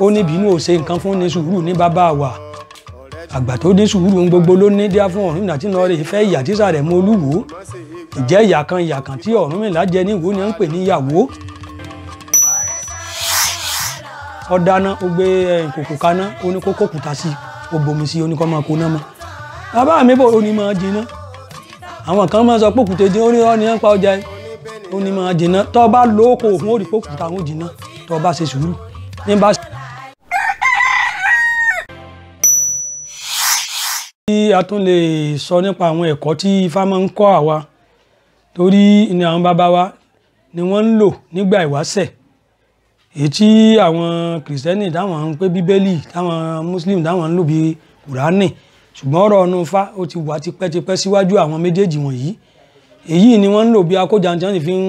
ó ní bínú ò ṣe nǹkan fún ní sùúrù ní bàbá wa àgbà tó ní sùúrù ń gbogbo ló ní díá fún ọ̀run àti nọ́ọ̀rẹ́ ìfẹ́ ìyà tí sàrẹ̀ mọ olúwo ìjẹ́ ìyà kan ìyà kan tí Ọ̀rúnmìlà jẹ níwò ni à ń pè níyàwó. ó dáná ó gbé eh, kòkò kaná ó ní kó kòkùtà sí i ó bomi sí i ó ní kó máa koná mọ́. bàbá mi bò ó ní máa jiná àwọn kan máa sọ pé dín ó ní ọ́ ní ẹ̀ pa ọjà yìí ó ní máa jiná tó o bá lóko òun ó rí pé òkùtà òun jiná tó o bá ṣe sùúrù ní bá ṣe. a tún lè sọ nípa àwọn ẹ̀kọ́ tí Ifá máa ń kọ́ àwa torí ni àwọn bàbá wa ni wọ́n ń lò nígbà ìwáṣẹ̀ èyí tí àwọn kìrìsìtẹ́nì táwọn ń pè bíbélì táwọn muslim táwọn ń lò bíi kùránì ṣùgbọ́n ọ̀rọ̀ ọ̀nà Ifá ó ti wà tipẹ́tipẹ́ síwájú àwọn méjèèjì wọ̀nyí èyí ni wọ́n ń lò bí akójàntàn fi ń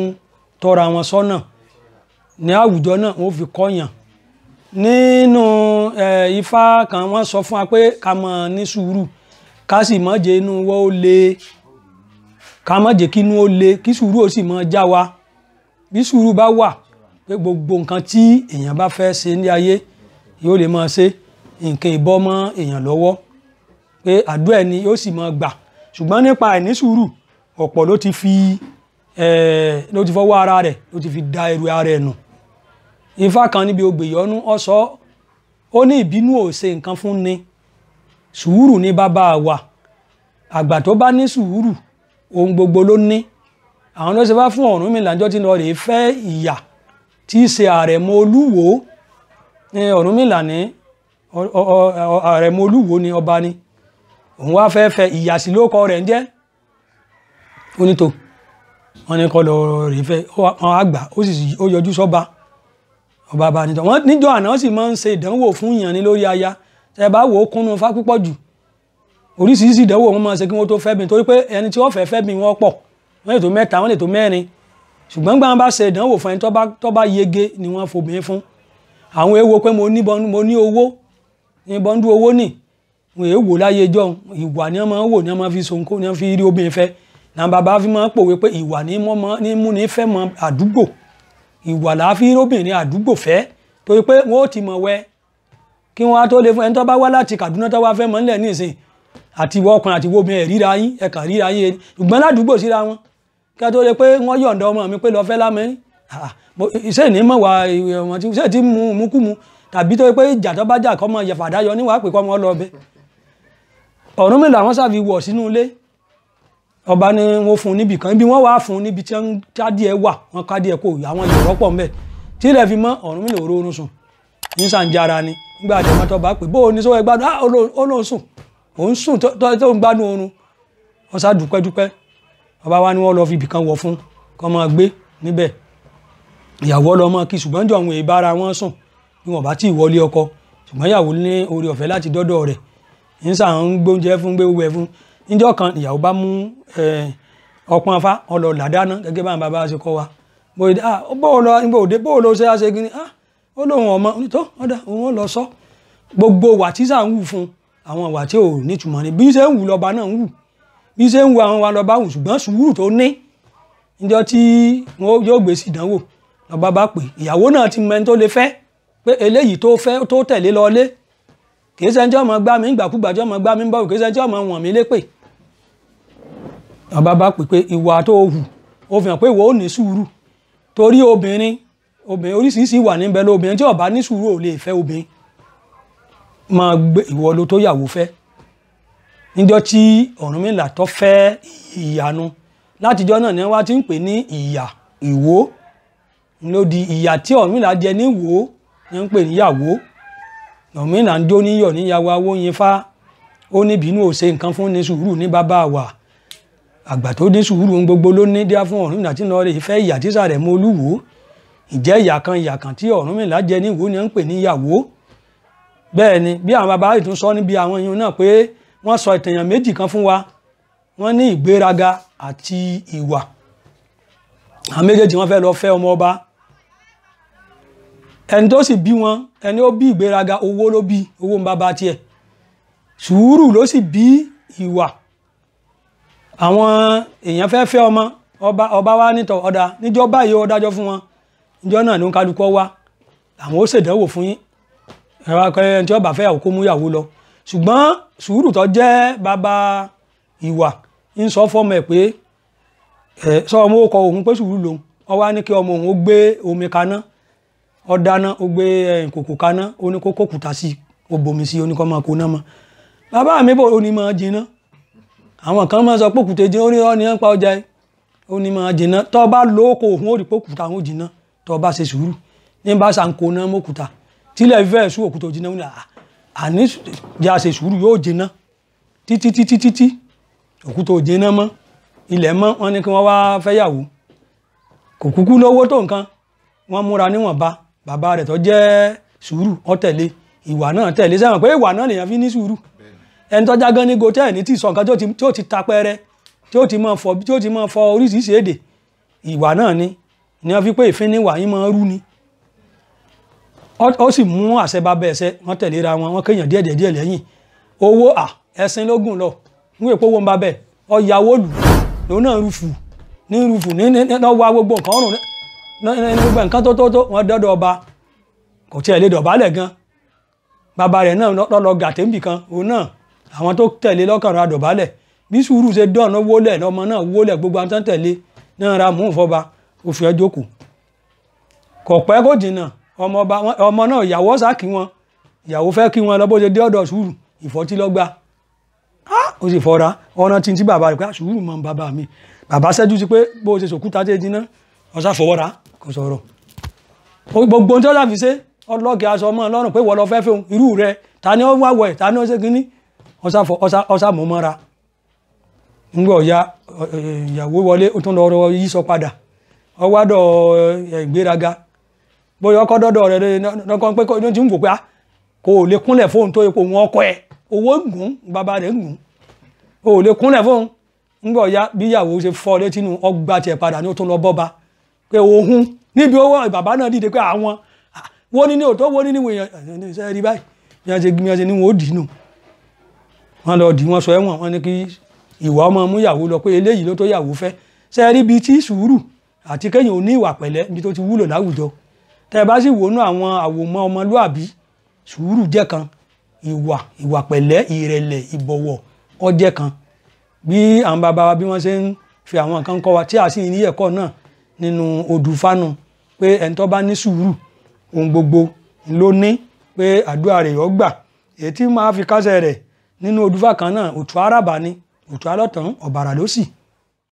tọra wọn sọ́nà ní àwùjọ náà wọ́n fi kọ́yàn nínú Ifá kan wọ́n sọ fún wa pé ká máa ní sùúrù ká sì má jẹ́ inú wọ́n ó le ká má jẹ́ kí inú ó le kí sùúrù ó sì má já wa bí sùúrù bá wà pé gbogbo nǹkan tí èèyàn bá fẹ́ ṣe ní ayé yóò lè máa ṣe nǹkan ìbọ́ mọ́ èèyàn lọ́wọ́ pé àdúrà ẹni yóò sì máa gbà ṣùgbọ́n nípa àìní sùúrù ọ̀pọ̀ ló ti fi ló ti fọwọ́ ara rẹ̀ ló ti fi da ẹrù ara ẹ̀ nù ifá kan níbi ogbèyọ́nú ọ̀sọ́ ó ní ìbínú ò ṣe nǹkan fún ni sùúrù ni bàbá wa àgbà tó bá ní sùúrù ohun gbogbo ló ní àwọn ló ṣe bá fún Ọ̀rúnmìlà níjọ́ tí lọ rèé fẹ́ ìyà tí í ṣe àrẹ̀mọ Olúwo Ọ̀rúnmìlà ní àrẹ̀mọ Olúwo ni ọba ni òun wá fẹ́ fẹ́ ìyà sí ló kọ rẹ̀ ń jẹ́ onítò wọn ní kọ́ lọ rèé fẹ́ wọn á gbà ó sì yọjú sọ́ba ọba bá nítọ́ wọn níjọ́ àná sì máa ń ṣe ìdánwò fún yàn lórí aya tẹ bá wò ó kúnnú jù oríṣiríṣi ìdánwò wọn máa ṣe kí wọn tó fẹ́ torí pé ẹni tí wọ́n fẹ́ fẹ́ bí pọ̀ wọ́n lè tó mẹ́ta wọ́n lè tó mẹ́rin ṣùgbọ́n gbà bá ṣe ìdánwò fún ẹni tó bá yege ni wọ́n fòbìnrin fún àwọn èèwọ̀ pé mo ní owó ní bọ́ńdú owó nì wọn èèwò láyé ẹjọ́ ìwà ni wọ́n máa ń wò ni wọ́n máa fi sonko ni wọ́n fi rí obìnrin fẹ́ na bàbá fi máa ń pòwe pé ìwà ni mú ní fẹ́ mọ àdúgbò ìwà làá fi rí obìnrin àdúgbò fẹ́ torí pé wọ́n ó ti mọ̀ wẹ́ẹ́ kí wọ́n á tó lè fún ẹni tó bá wá láti Kaduna tó wá fẹ́ mọ́ nílẹ̀ nísìn àti ìwọ ọkùnrin àti ìwọ obìnrin ẹ̀ríra yín ẹ̀kà ríra yín ẹni ṣùgbọ́n ládùúgbò síra wọn kí wọ́n tó lè pé wọ́n yọ̀ǹda ọmọ mi pé lọ́ọ́ fẹ́ lámẹ́rin ah, iṣẹ́ ìní mọ̀ wá ìwọ̀n tí iṣẹ́ ti mú mú kú mu tàbí tó pé ìjà tó bá jà kọ́ mọ yẹ̀fàdá yọ níwàá pé kọ́ mọ lọ bẹ́ẹ̀ ọ̀run mélòó àwọn sáfi ibi wọ́n wá fún níbi tí wọ́n kádìẹ wà wọ́n kádìẹ kò àwọn ìrọ̀pọ̀ mbẹ̀ tí ilẹ̀ fi ní sàǹjára ni gba àdèmọ tó bá pè bó o ní sọ́wọ́ ìgbádùn ah olóhùn sùn òun sùn tó ń gbádùn oorun wọ́n sá dúpẹ́ dúpẹ́ ọba wa ni wọ́n lọ fi ibìkan wọ̀ fún kọ́ máa gbé níbẹ̀ ìyàwó ọlọmọ kí ṣùgbọ́n jọ àwọn ìbára wọn sùn bí wọ́n bá tí ì wọlé ọkọ ṣùgbọ́n ìyàwó ní orí ọ̀fẹ́ láti dọ́dọ̀ rẹ̀ ń sà ń gbóúnjẹ fún gbé wẹ̀ fún níjọ́ kan ìyàwó bá mú eh, ọpọn afá ọlọ́ọ̀lá dáná gẹ́gẹ́ bá àwọn bàbá ṣe kọ́ wa ah, bó o lọ ṣe àṣegin ah ó lóun ọmọ onítọ́ ọ̀dà òun lọ sọ gbogbo wà tí sà ń wù fún àwọn wà tí ò nítumọ̀ ni bí ṣe ń wù lọ́ba náà ń wù bí ṣe ń wù àwọn wa lọ́ba wù ṣùgbọ́n sùúrù tó ní níjọ́ tí wọn yóò gbé sí ìdánwò lọ́ba bá pè ìyàwó náà ti mẹ́ni tó lè fẹ́ pé eléyìí tó fẹ́ tó tẹ̀lé lọ́lé kìí ṣe ẹjọ́ ọmọ gbá mi ìgbàkúgbà ẹjọ́ ọmọ gbá mi ń bọ̀ kìí ṣe ẹjọ́ ọmọ wọ̀n mi lépè lọ́ba bá pè pé ìwà tó hù ó fi hàn pé ìwọ ò ní sùúrù torí obìnrin obìnrin oríṣiríṣi wà níbẹ̀ lọ obìnrin tí ọba ní sùúrù ò lè fẹ́ obìnrin máa gbé ìwọ ló tó yàwó fẹ́ níjọ́ tí Ọ̀rúnmìlà tọ́ fẹ́ ìyanu látijọ́ náà ni wọ́n ti ń pè ní ìyà ìwó di ìyà tí Ọ̀rúnmìlà jẹ ní ìwó ni ń pè níyàwó Ọ̀rúnmìlà ń jó níyọ̀ níyàwó awóyinfá ó ní bínú ò ṣe nǹkan fún ní sùúrù ní bàbá wa àgbà tó ní sùúrù ń gbogbo ìjẹ́ ìyàkan ìyàkan tí Ọ̀rúnmìlà jẹ ní ìwú ni ń pè ní ìyàwó bẹ́ẹ̀ ni bí àwọn bàbá ìtún sọ níbi àwọn ìyún náà pé wọ́n sọ ìtẹ̀yàn méjì kan fún wa wọ́n ní ìgbéraga àti ìwà àwọn méjèèjì wọ́n fẹ́ lọ fẹ́ ọmọ ọba ẹni tó sì bí wọn ẹni ó bí ìgbéraga owó ló bí owó ń bàbá tiẹ̀ sùúrù ló sì bí ìwà àwọn èèyàn fẹ́ fẹ́ ọmọ ọba ọba wa nítọ̀ ọ̀dà níjọ́ báyìí dájọ́ fún wọn ìjọ náà ló ń kálukọ́ wá àwọn ó ṣèdánwò fún yín ẹ̀rọ akẹ́rẹ́ tí ọba fẹ́yàwó kó mú ìyàwó lọ ṣùgbọ́n sùúrù tó jẹ́ bàbá ìwà ń sọ fọ́mọ ẹ̀ pé ẹ̀ sọ ọmọ ó kọ òun pé sùúrù lòun ó wá ní kí ọmọ òun ó gbé omi kaná ó dáná ó gbé kòkò kaná ó ní kó kòkùtà sí ó bomi sí ó máa kó náà mọ́ bàbá mi bò ó ní máa jiná àwọn kan máa sọ pé òkùtè jẹ́ ó ní ọ́ ní ọ́ pa ọjà ẹ̀ ó ní máa jiná tó bá lóko òun ó rí pé òkùtà òun jiná tó bá ṣe sùúrù ní bá ṣàǹkó náà mọ́kúta tílẹ̀ fẹ́ sùn òkúta òjìnà ní ah, àní jẹ́ àṣẹ sùúrù yóò jìnà títí títí títí òkúta òjìnà mọ́ ilẹ̀ mọ́ wọn ni kí wọ́n wá fẹ́yàwó kò kúkú lówó tó nǹkan wọ́n múra níwọ̀nba bàbá rẹ̀ tó jẹ́ sùúrù ó tẹ̀lé ìwà náà tẹ̀lé sẹ́wọ̀n pé ìwà náà lèèyàn fi ní sùúrù ẹni tó já gan ní gotẹ́ ní tí sọ tí ó ti tapẹ́rẹ́ tí ó ti máa fọ oríṣiríṣi èdè ìwà náà ni ni wọ́n fi pé ìfínníwà yín máa rú ni ó sì mú àṣẹ bàbá ẹsẹ wọ́n tẹ̀léra wọn wọ́n kéèyàn díẹ̀ díẹ̀ lẹ́yìn owó à ẹ̀sìn lógún lọ ń èpo wọn bàbẹ̀ ọ̀yàwó lù lòun náà rúfù ní rúfù ní lọ́wọ́ gbogbo nǹkan ọ̀rùn gbogbo nǹkan tó tó tó wọ́n dọ́dọ̀ ọba kò tiẹ̀ lè dọ̀bálẹ̀ gan bàbá rẹ̀ náà lọ́lọ́ gàtẹ́ǹbì kan òun náà àwọn tó tẹ̀lé lọ́kànrán adọ̀bálẹ̀ bí sùúrù ṣe dán wólẹ̀ lọ́mọ náà wólẹ̀ gbogbo àwọn náà ra mú ìfọba òfì ẹjọ́ kù kò pẹ́ kò jìnnà ọmọ náà ìyàwó ọ̀sà kí wọn ìyàwó fẹ́ kí wọn lọ dé ọ̀dọ̀ sùúrù ó sì ọ̀nà tí tí bàbá rẹ̀ pé sùúrù mọ́ bàbá mi bàbá sẹ́jú sí pé bó ṣe sòkúta tẹ́ jiná fọwọ́ra kò sọ̀rọ̀ gbogbo tí wọ́n ṣe ọlọ́ọ̀kì aṣọ ọmọ ọlọ́run pé ya ìyàwó wọlé ó tún ọwádọ̀ eh, ìgbéraga bóyá ọkọ̀ dọ́dọ̀ rẹ̀ lọ́kàn pé kó tí ń wò pé ah, kò lè kúnlẹ̀ fóun tó ipò wọn ọkọ ẹ owó gùn bàbá rẹ̀ gùn ò lè kúnlẹ̀ fóun ńgbọ̀ ya bíyàwó ṣe fọ́ létí nu ọgbà tiẹ̀ padà ní ó tún lọ bọ́ba pé òun níbi owó bàbá náà dìde pé àwọn ni òótọ́ ṣe rí báyìí bí ṣe ṣe ó dì nù lọ dì sọ yàwó lọ pé eléyìí ló àti kéyìn ò ní ìwà pẹ̀lẹ́ níbi tó ti wúlò láwùjọ tẹ́ ẹ bá sì wònú àwọn àwòmọ́ ọmọlúàbí sùúrù jẹ́ kan ìwà ìwà pẹ̀lẹ́ ìrẹ̀lẹ̀ ìbọ̀wọ̀ ó jẹ́ kan bí àwọn bàbá wa bí wọ́n ṣe ń fi àwọn nǹkan kọ́ wa tí a sì ní ẹ̀kọ́ náà nínú odù fánu pé ẹni tó bá ní sùúrù ohun gbogbo ló ní pé àdúrà rẹ̀ yó gbà èyí tí máa fi kásẹ̀ rẹ̀ nínú odù fákan náà òtù arábà ni òtù alọ́tàn ọ̀bàrà ló sì